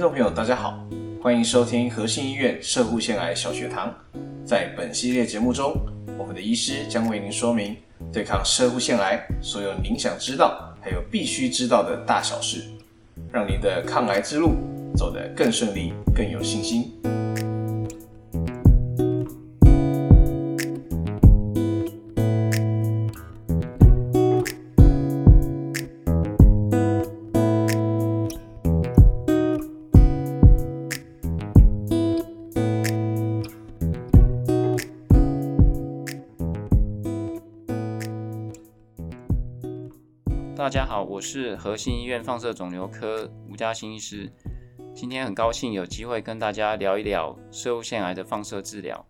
聽眾朋友，大家好，歡迎收聽和信醫院攝護腺癌小學堂。在本系列節目中，我們的醫師將為您說明對抗攝護腺癌所有您想知道，還有必須知道的大小事，讓您的抗癌之路走得更順利、更有信心。大家好，我是和信醫院放射腫瘤科吳佳興醫師。今天很高興有機會跟大家聊一聊攝護腺癌的放射治療。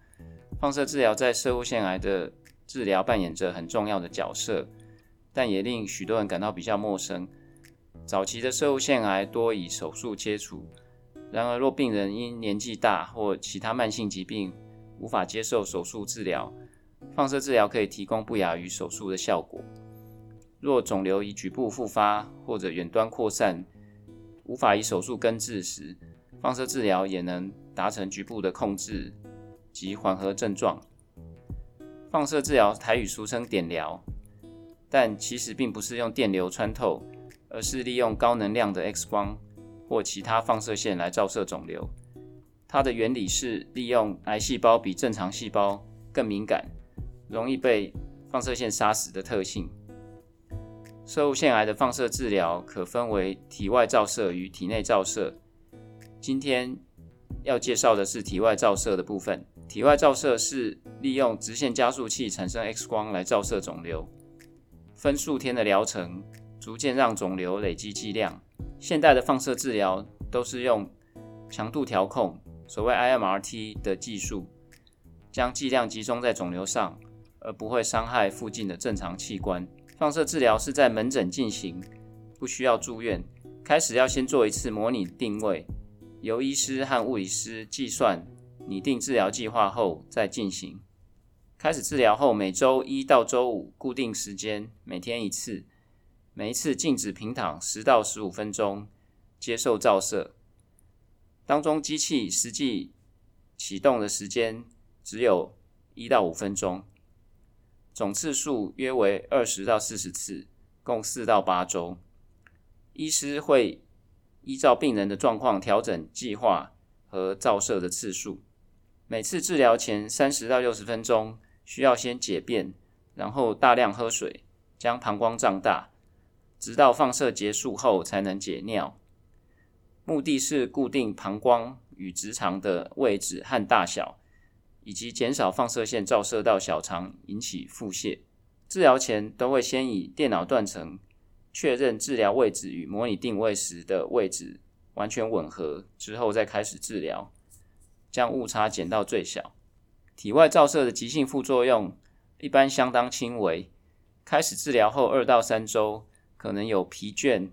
放射治療在攝護腺癌的治療扮演着很重要的角色，但也令許多人感到比較陌生。早期的攝護腺癌多以手術切除，然而若病人因年紀大或其他慢性疾病無法接受手術治療，放射治療可以提供不亞於手術的效果。若腫瘤已局部復發或者遠端擴散，無法以手術根治時，放射治療也能達成局部的控制及緩和症狀。放射治療台語俗稱電療，但其實並不是用電流穿透，而是利用高能量的 X 光或其他放射線來照射腫瘤。它的原理是利用癌細胞比正常細胞更敏感、容易被放射線殺死的特性。攝護腺癌的放射治療可分為體外照射與體內照射。今天要介紹的是體外照射的部分。體外照射是利用直線加速器產生 X 光來照射腫瘤，分數天的療程，逐漸讓腫瘤累積劑量。現代的放射治療都是用強度調控，所謂 IMRT 的技術，將劑量集中在腫瘤上，而不會傷害附近的正常器官。放射治療是在門診進行，不需要住院。開始要先做一次模擬定位，由醫師和物理師計算擬定治療計劃後再進行。開始治療後，每周一到周五固定時間，每天一次，每一次靜止平躺十到十五分鐘，接受照射，當中機器實際啟動的時間只有一到五分鐘。總次數約為二十到四十次，共四到八周。醫師會依照病人的狀況調整計劃和照射的次數。每次治療前三十到六十分鐘需要先解便，然後大量喝水，將膀胱脹大，直到放射結束後才能解尿。目的是固定膀胱與直腸的位置和大小。以及減少放射線照射到小腸引起腹瀉。治療前都會先以電腦斷層確認治療位置與模擬定位時的位置完全吻合之後再開始治療，將誤差減到最小。體外照射的急性副作用一般相當輕微，開始治療後二到三週可能有疲倦、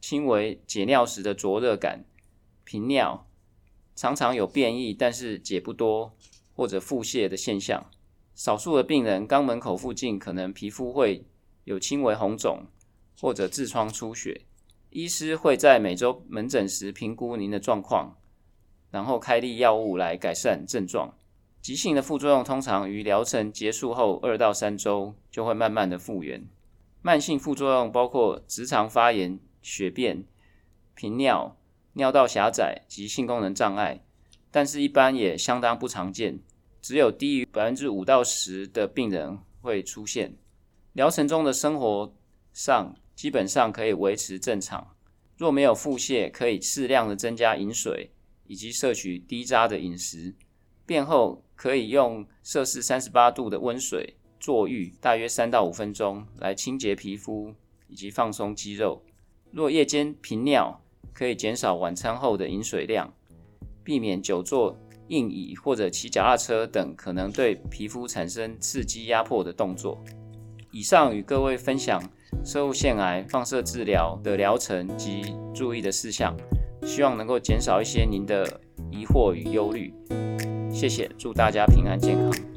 輕微解尿時的灼熱感、頻尿，常常有便意，但是解不多，或者腹瀉的現象，少數的病人肛門口附近可能皮膚會有輕微紅腫，或者痔瘡出血。醫師會在每周門診時評估您的狀況，然後開立藥物來改善症狀。急性的副作用通常於療程結束後二到三周就會慢慢的復原。慢性副作用包括直腸發炎、血便、頻尿、尿道狹窄及性功能障礙，但是一般也相當不常見。只有低於百分之五到十的病人會出現，療程中的生活上基本上可以維持正常。若沒有腹瀉，可以適量的增加飲水，以及攝取低渣的飲食。便後可以用攝氏三十八度的溫水坐浴，大約三到五分鐘來清潔皮膚以及放鬆肌肉。若夜間頻尿，可以減少晚餐後的飲水量，避免久坐。硬椅、或者騎腳踏車等可能對皮膚產生刺激壓迫的動作。以上與各位分享攝護腺癌放射治療的療程及注意的事項，希望能夠減少一些您的疑惑與憂慮。謝謝，祝大家平安健康。